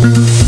Thank you.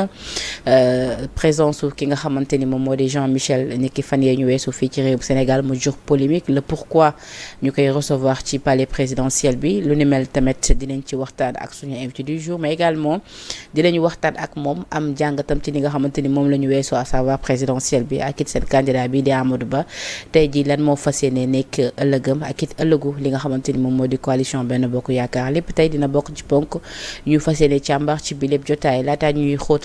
na euh, présence ki nga xamante ni moom moo di Jean Michel niki fan yee ñu weesu fii ci réew Sénégal mu jur polémique le pourquoi ñu koy recevoir ci palais présidentiel bi lu ni mel tamit dinañ ci waxtaan ak suñu invité du jour mais également dinañ waxtaan ak moom am jàngatam ci li nga xamante ni moom la ñu weesu à savoir présidentiel bi ak it seen candidat bi di Amadou Ba tey jii lan moo fas ne nekk ëllëgam ak it ëllëgu li nga xamante ni moom moo di coalition benn bokk yaakaar lépp tey dina bokk ci ponk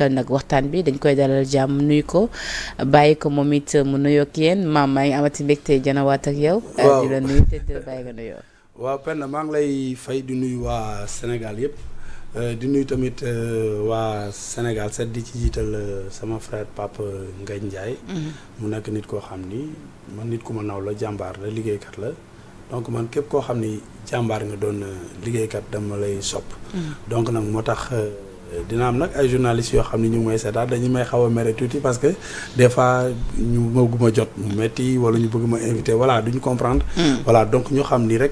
yaatal nag waxtaan bi dañ koy dalal jàmm nuyu ko bàyyi ko moom it mu nuyoog yéen maam maa ngi amati mbégte janawaat ak yow. waaw euh, di la nuyu te di la bàyyi nga nuyoo. waaw Penda maa ngi lay fay di nuyu waa Sénégal yëpp euh, di nuyu tamit euh, waa Sénégal set di ci jiital sama frère Pape Ngagne Ndiaye. Mhm. mu nekk nit koo xam ni man nit ku ma naw la jàmbaar la liggéeykat la. donc man képp koo xam ni jàmbaar nga doon liggéeykat dama lay sopp. Mhm. donc nag moo tax. dina am nag ay journalistes yoo xam ne ñu ngi may seetaan dañu may xaw a mere tuuti parce que des fois ñu bëgg ma jot mu metti wala ñu bëgg ma invité voilà duñu comprendre. Hmm. voilà donc ñu xam ni rek.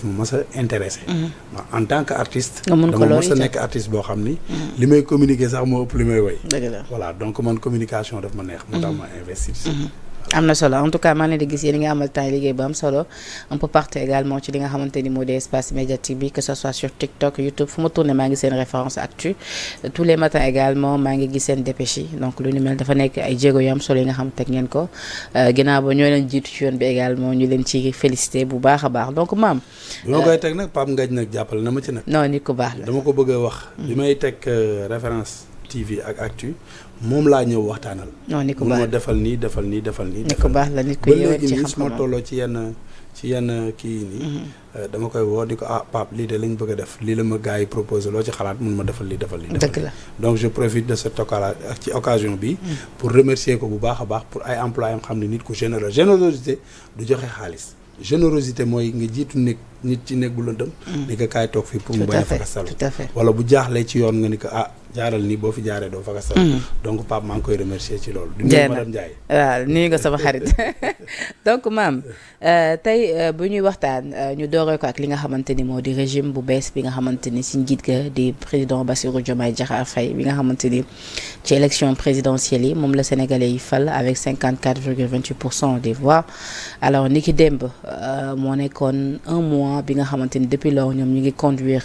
daf ma mës a intéressé mhm. ndax en tan que artiste dama mës a nekk artiste boo xam ni mhm. li may communiqué sax moo ëpp li may woy voilà donc man communication daf ma neex moo tax mhm. ma investir am na solo en tout cas maa ngi leen di gis yéen nga amal temps liggéey bu am solo un peu partout également ci li nga xamante ni moo di espace médiatique bi que ce soit sur YouTube fu ma tourné maa ngi seen référence actu tous les matins également maa ngi gis seen dépêche donc lu ni mel dafa nekk ay jéego yu am solo yi nga xam teg ngeen ko euh, ginnaaw ba ñoo leen jiitu ci yoon bi également ñu leen ci félicité bu baax a baax donc maam. bi ma koy euh, teg nag Pape Ngagne nag na ma ci nag. non nit ku baax la dama ko bëgg a wax. Mm. bi may teg euh, référence ak actu moom laa ñëw waxtaanal. non ni ko baax ma defal nii defal nii defal nii. ni ko baax la nit ku yeewal nii su ma tolloo ci yenn ci yenn kii yi nii. Mhm. Euh, dama koy woo di ko ah Pape lii de lañ bëgg def lii la ma gars yi proposé loo ci xalaat mun ma defal lii defal lii. dëgg la donc je profite de cette euh, ci occasion bi. Mhm. pour remercier ko bu baax a baax pour ay employés xam ne nit ku généreux générosité du joxe xaalis générosité mooy nga jiitu nekk. nit ci nekk bu lëndëm mm. ni ko kaay toog fii pour bañ a fakastalu wala bu jaaxlee ci yoon nga ni ko ah jaaral nii boo fi jaaree doo fakastalu mm. donc Pape maa ngi koy remercier ci loolu di nga sama xarit donc maam euh, tey euh, bu ñuy waxtaan euh, ñu dooree ak li nga xamante ni moo di régime bu bees bi nga xamante ni si njiit ga di président Bassirou Diomaye Diakhar Faye bi nga xamante ni ci élection présidentielle yi moom la sénégalais yi fal avec 54,28 pour cent des voix alors niki démb moo gouvernement bi nga xamante ni depuis lors ñoom ñu ngi conduire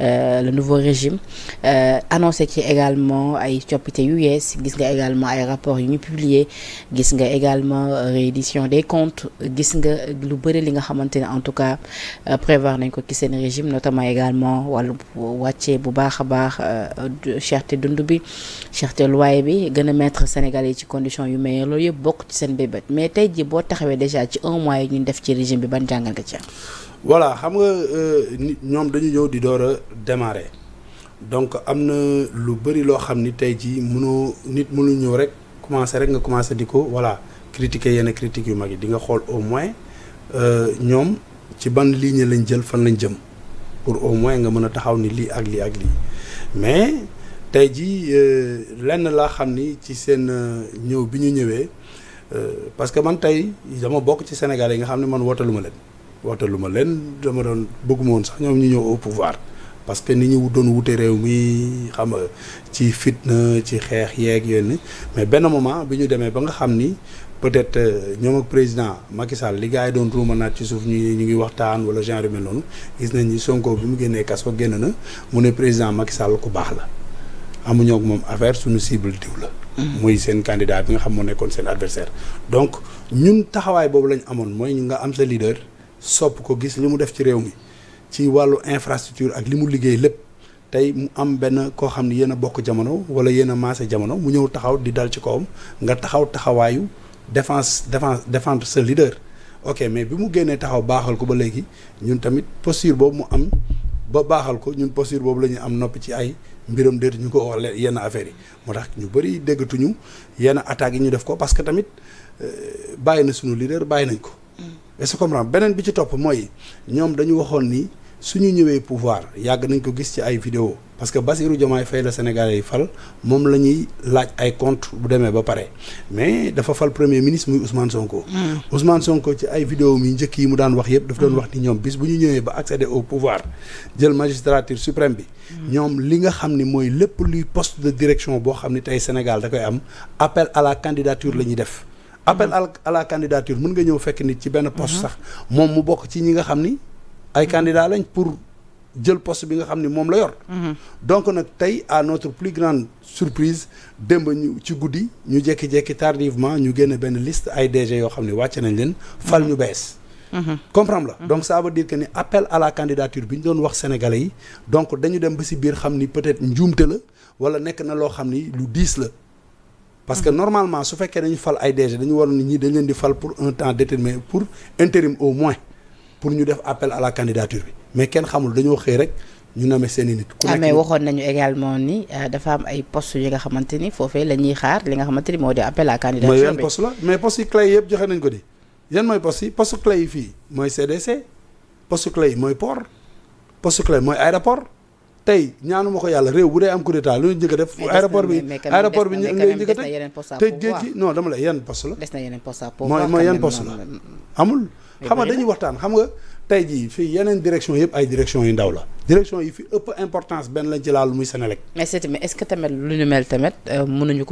euh, le nouveau régime euh, annoncé ci également ay coppite yu yees gis nga également ay rapports yu ñu publier gis nga également euh, réédition des comptes gis nga lu bëri li nga xamante ne en tout cas prévoir nañ ko ci seen régime notamment également wàllu wàcce bu baax a baax cherté dund bi cherté loyer bi gën a mettre Sénégal yi ci condition yu meilleure loolu yëpp bokk ci seen bébét mais tey ji boo taxawee déjà ci un mois yi def ci régime bi ban jàngal nga ci voilà xam nga euh, ñoom dañu ñëw di door a démarrer donc am na lu bëri loo xam ni tey jii mënoo nit mënu ñëw rek commencer rek nga commencer di ko voilà critiquer yenn critiques yu mag yi di nga xool au moins euh, ñoom ci ban ligne lañ jël fan lañ jëm pour au moins nga mën a taxaw ni lii ak lii ak lii mais tey jii euh, lenn laa xam ni ci seen ñëw bi ñu ñëwee parce que man tey dama bokk ci Sénégal yi nga xam ne man wootalu ma leen. waxtalu ma leen dama doon bëgguma woon sax ñoom ñu ñëw au pouvoir parce que ni ñu doon wute réew mii xam nga ci fitna ci xeex yeeg yéen mais benn moment bi ñu demee ba nga xam ni peut-être euh, ñoom ak président Macky Sall li gars yi doon ruumanaat ci suuf ñu ñu ngi waxtaan wala genre mel noonu gis nañ ni Sonko bi mu génnee kaso génn na mu ne président Macky Sall ku baax la amuñook moom affaire suñu cible diw la. Mm-hmm. muy seen candidat bi nga xam moo nekkoon seen adversaire donc ñun taxawaay boobu lañ amoon mooy nga am sa leader. sopp ko gis li mu def ci réew mi ci wàllu infrastructure ak li mu liggéey lépp tey mu am benn koo xam ne yéen bokk jamono wala yenn a jamono mu ñëw taxaw di dal ci kawam nga taxaw taxawaayu défense défense défendre sa leader. ok mais bi mu génnee taxaw baaxal ko ba léegi ñun tamit posture boobu mu am ba baaxal ko ñun posture boobu la ñuy am noppi ci ay mbiram déet ñu ko wax yenn affaires yi moo tax ñu bëri déggatuñu yenn attaques yi ñu def ko parce que tamit euh, bàyyi na sunu leader bàyyi nañ ko. est-ce que beneen bi ci topp mooy ñoom dañu waxoon ni suñu ñëwee pouvoir yàgg nañ ko gis ci ay vidéo parce que basiru Diomaye fay la Sénégalais yi fal moom lañuy laaj ay compte bu demee ba pare mais dafa fal premier ministre muy Ousmane Sonko. Mm. Ousmane Sonko ci ay vidéo mi njëkk yi mu daan wax yëpp. dafa doon mm. wax ni ñoom bis bu ñu ñëwee ba accéder au pouvoir jël magistrature suprême bi. Mm. ñoom li nga xam ni mooy lépp luy post de direction boo xam ni tey Sénégal da koy am appel à la candidature la ñuy def. appel à la candidature mën nga ñëw fekk nit ci benn poste mhm. sax moom mu bokk ci ñi nga xam ni ay candidat lañ pour jël poste bi nga xam ni moom la yor mhm. donc nag tey à notre plus grande surprise démb ñu ci guddi ñu jekki-jekki tardivement ñu génne benn liste ay DG yoo xam ni wàcc nañ leen fal ñu mhm. bees comprendre la donc ça veut dire que ni appel à la bi ñu doon wax sénégalais yi donc dañu dem ba si biir xam ni peut-être njuumte la wala nekk na loo xam ni lu diis la parce que normalement su fekkee dañu fal ay DG dañu waroon nit ñi dañ leen di fal pour un temps déterminé pour intérim au moins pour ñu def appel à la candidature bi mais kenn xamul dañoo xëy rek ñu name seen i nit. ku ah, waxoon nañu également ni euh, dafa am ay post yi nga xamante ni foofee la ñuy xaar li nga xamante ni moo di appel à candidature bi mooy yan poste la mais postes yi clé yëpp joxe nañ ko di yan mooy postes yi poste clé yi fii tey ñaanuma ko yàlla réew bu dee am coup d'état lu ñu njëkk def aéroport bi aéroport bi ngay njëkk a tëj géej gi non dama lay yenn poste la mooy mooy yenn poste la amul xam nga dañuy waxtaan xam nga tey jii fii yeneen direction yëpp ay direction yu ndaw la direction yi fi ëpp importance benn lañ ci laal muy Senelec mais c'est mais est-ce que tamit lu ñu mel tamit euh, mënuñu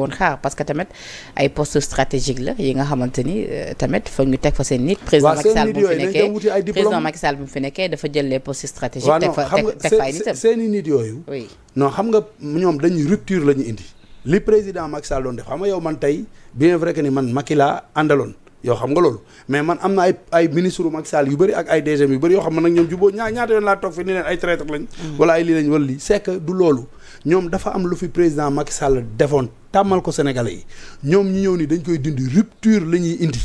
parce que tamit ay postes stratégiques la yi nga xamante ni euh, tamit fa ñu teg fa seen nit président Macky Sall bu fi nekkee président Macky fi nekkee dafa jël les postes stratégiques teg fa teg fa ay nitam seen nit yooyu oui non xam nga ñoom dañuy rupture la ñu indi li président Macky Sall doon def xam nga yow man tey bien vrai que ni man Macky laa àndaloon yow xam nga loolu mais man am na ay ay ministre u Macky yu bëri ak ay DG yu bëri yoo xam ne nag ñoom juboo ñaa ñaata yoon laa toog fi ni leen ay traître lañ mm. wala ay lii lañ wala lii c'est que du loolu ñoom dafa am lu fi président Macky Sall defoon tàmmal ko Sénégalais yi ñoom ñu ñëw ni dañ koy dindi rupture la ñuy indi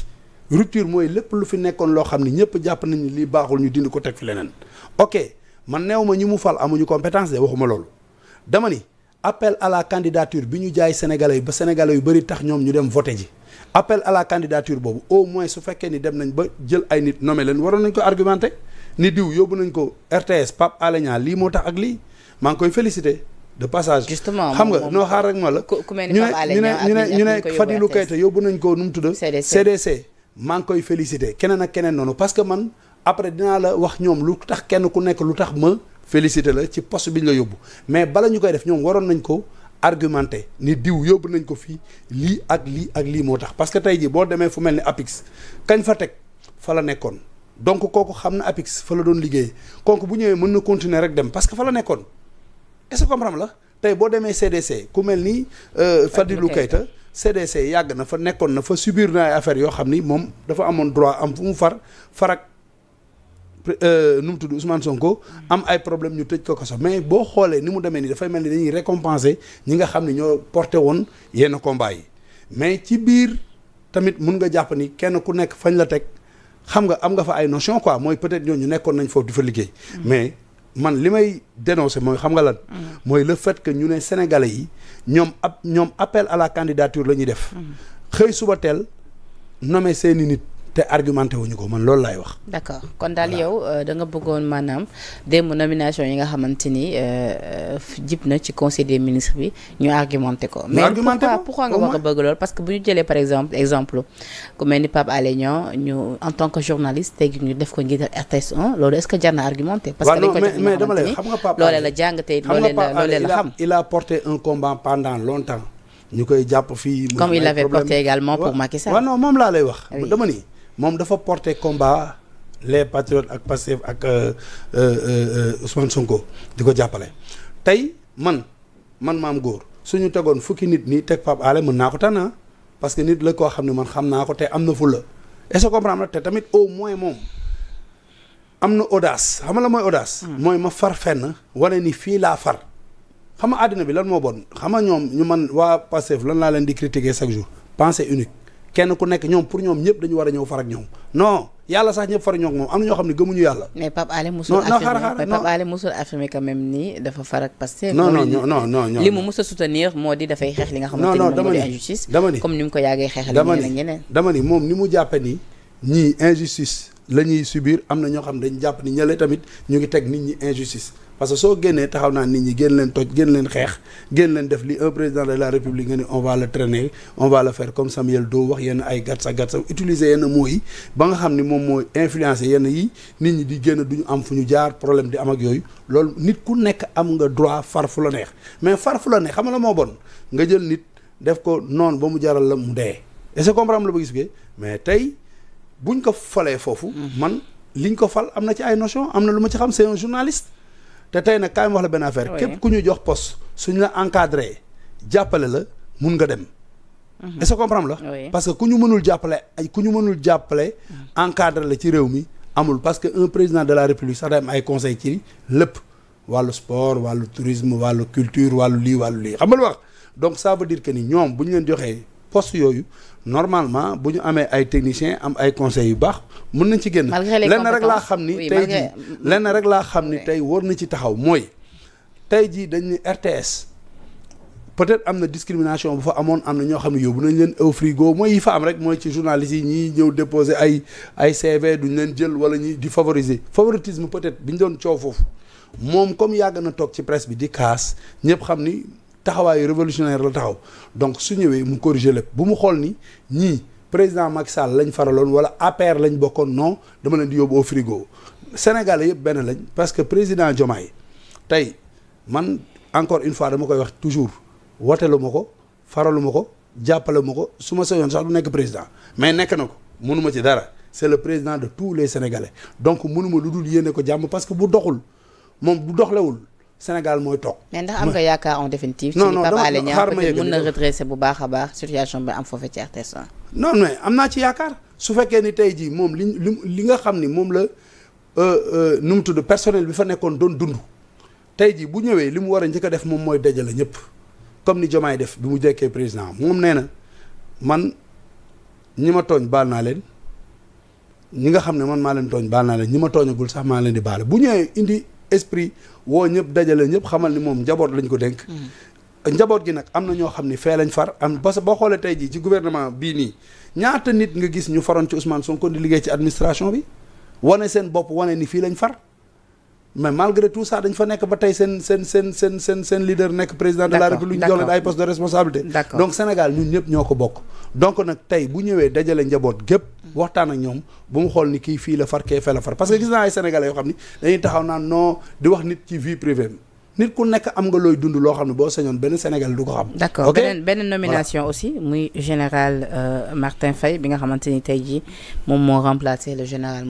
rupture mooy lépp lu fi nekkoon loo xam ne ñëpp jàpp nañ ni lii baaxul ñu dindi ko teg fi leneen ok man neew ma ñi mu fal amuñu compétence de waxuma loolu dama ni appel à la bi ñu jaay sénégalais yi ba sénégalais yu bëri tax ñoom ñu dem voté ji appel à la candidature boobu au moins su fekkee ni dem nañ ba jël ay nit nommé leen waroon nañ ko argumenté ni diw yóbbu nañ ko RTS Pape Alé lii moo tax ak lii maa ngi koy félicité de passage. justement xam nga noo xaar rek ma la. ku mel ni Pape Alé Niang ñu ne ñu ne ñu ne Fadilou Keita yóbbu nañ ko nu mu tudd. CDC maa ngi koy félicité keneen ak keneen noonu parce que man après dinaa la wax ñoom lu tax kenn ku nekk lu tax ma félicité la ci poste bi ñu la yóbbu mais bala ñu koy def ñoom waroon nañ ko. argumenté ni diw yóbbu nañ ko fii lii ak lii ak lii moo tax parce que tey jii boo demee fu mel ni APIX kañ fa teg fa la nekkoon donc kooku xam na APIX fa la doon liggéeyee kooku bu ñëwee mën na continuer rek dem parce que fa la nekkoon est-ce la tey boo demee CDC ku mel ni euh, Fadilou Keita CDC yàgg na fa nekkoon na fa subir na ay affaires yoo xam ni moom dafa amoon droit am fu mu far farak Euh, nu mu tudd Ousmane Sonko am ay problème ñu tëj ko ko sax mais boo xoolee ni mu demee nii dafay mel ni dañuy récompenser ñi nga xam ne ñoo porté woon yenn combat yi mais ci biir tamit mun nga jàpp ni kenn ku nekk fañ la teg xam nga am nga fa ay notion quoi mooy peut-être ñooñu nekkoon nañ foofu di fa liggéey mais man li may dénoncer mooy xam nga lan mooy le fait que ñu ne sénégalais yi ñoom ab ñoom appel à la candidature la ñuy def mm-hmm. xëy suba teel nommer seeni nit te argumenté wuñu ko man loolu laay wax. d' accord kon daal yow euh, da nga bëggoon maanaam démb nomination yi nga xamante ni euh, jib na ci conseil des ministres bi ñu argumenté ko. mais pourquoi pourquoi nga war a bëgg lool parce que bu ñu jëlee par exemple exemple ku mel ni Pape Alé Niang ñu en tant que journaliste tey ñu def ko njiital RTS 1 loolu est ce que jar na argumenté. parce que dañ ko jox mais dama lay xam nga Pape loolee la jàng tey loolee la loolee la xam. il a porté un combat pendant longtemps. ñu koy jàpp fii. comme moom laa lay wax. Ah moom dafa porter combat les patriotes ak Pastef ak euh, euh, euh, Ousmane Sonko di ko jàppale tey man man maam góor suñu tegoon fukki nit nii teg Pape Alé mën naa ko tànn parce que nit la koo xam ne man xam naa ko te am na fulla est-ce que comprendre te tamit au moins moom am na audace xam la mooy audace hmm. mooy ma far fenn wane ni fii laa far xam nga àddina bi lan moo bon xam nga ñoom ñu man waa Pastef lan laa leen di critiquer chaque jour pensée unique kenn ku nekk ñoom pour ñoom ñëpp dañu war a ñëw far ak ñoom non yàlla sax ñëpp far ak ñoom am na ñoo xam ne gëmuñu yàlla. mais Pape Alé musul affirmer mais Pape Alé dafa far ak Pastef. non non non non li mu mus soutenir moo di dafay xeex li nga xamante ni moom moo dama ni comme ni mu ko yàggee xeexal ñeneen dama ni moom ni mu jàppe ni ñii injustice la ñuy subir am na ñoo xam dañ jàpp ni ñale tamit ñu ngi teg nit ñi injustice parce que soo génnee taxaw naa nit ñi génn leen toj génn leen xeex génn leen def li un président de la république nga ni on va le traîner on va le faire comme Samuel Doe wax yenn ay gatsa gatsa utiliser yenn mots ba nga xam ni moom mooy influencer yenn yi nit ñi di génn duñu am fu ñu jaar problème di am ak yooyu loolu nit ku nekk am nga droit far fu la neex mais far fu la neex xam nga la moo bon nga jël nit def ko noonu ba mu jaral la mu dee est la ba gis mais tey buñ ko falee foofu. man liñ ko fal am na ci ay notion am na lu ma ci xam c'est un journaliste. te tey nag kaay ma wax la benn affaire képp ku ñu jox post suñu la encadré jàppale la mun nga dem. Mhm. est-ce que comprendre la. parce que ku ñu mënul jàppale ay ku ñu mënul jàppale. encadre la ci réew mi amul parce que un président de la république sax day am ay conseil ci lépp. wàllu sport wàllu tourisme wàllu culture wàllu lii wàllu lii xam nga lu wax donc ça veut dire que ni ñoom bu ñu leen joxee. poste yooyu normalement bu ñu amee ay techniciens am ay conseils yu baax mën nañ ci génn lenn rek laa xam ni tey jii lenn rek laa xam ni tey war na ci taxaw mooy tey jii dañ ni RTS peut-être am na discrimination bu fa amoon am na ñoo xam ne yóbbu nañ leen au frigo mooy yi fa am rek mooy ci journalistes yi ñuy ñëw déposer ay ay du ñu leen jël wala ñu di favoriser favoritisme peut-être bi ñu doon coow foofu moom comme yàgg na toog ci presse bi di kaas ñëpp xam ni taxawaayu révolutionnaire la taxaw donc su ñëwee mu corriger lépp bu mu xool ni ñii président Macky Sall lañ faraloon wala APR lañ bokkoon non dama leen di yóbbu au frigo Sénégalais yëpp benn lañ parce que président Diomaye tey man encore une fois dama koy wax toujours wotelu ma ko faralu ma ko jàppale ma ko su ma sañoon sax du nekk président mais nekk na ko mënuma ci dara c'est le président de tous les Sénégalais donc mënuma lu dul yéene ko jàmm parce que bu doxul moom bu doxlewul Sénégal mooy toog. mais ndax am nga yaakaar en définitive. non non dama xaar ma yëg mën bu baax a baax bi am foofu ci RTS non mais am naa ci yaakaar su fekkee ni tey jii moom li li nga xam ni moom la euh, euh, nu mu tudd personnel bi fa nekkoon doon dund tey jii bu ñëwee li mu war a njëkk a def moom mooy dajale ñëpp comme ni Diomaye def bi mu jekkee président moom nee na man ñi ma tooñ baal naa leen ñi nga xam ne man maa leen tooñ baal naa leen ñi ma tooñagul sax maa leen di baale bu ñëwee indi. esprit woo ñëpp dajale ñëpp xamal ni moom njaboot lañ ko dénk. Mm. njaboot gi nag am na ñoo xam ni fee lañ far am ba boo xoolee tey jii ci gouvernement bii nii ñaata nit nga gis ñu faroon ci Ousmane Sonko di liggéey ci administration bi wane seen bopp wane ni fii lañ far mais malgré tout ça dañ fa nekk ba tey seen seen seen seen seen seen leader nekk président de la république ñu jox de responsabilité donc Sénégal ñun ñëpp ñoo ko bokk donc nag tey bu ñëwee dajale njaboot gépp waxtaan ak ñoom bu mu xool ni kii fii la far kee fee la far parce que gis naa ay sénégalais yoo xam ni dañuy taxaw naan noo di wax nit ci vie privée nit ku nekk am nga looy dund loo xam ne boo sañoon benn sénégal du ko xam. d'accord beneen beneen nomination aussi muy général euh, Martin fay bi nga xamante ni tey jii moom moo remplacé le général.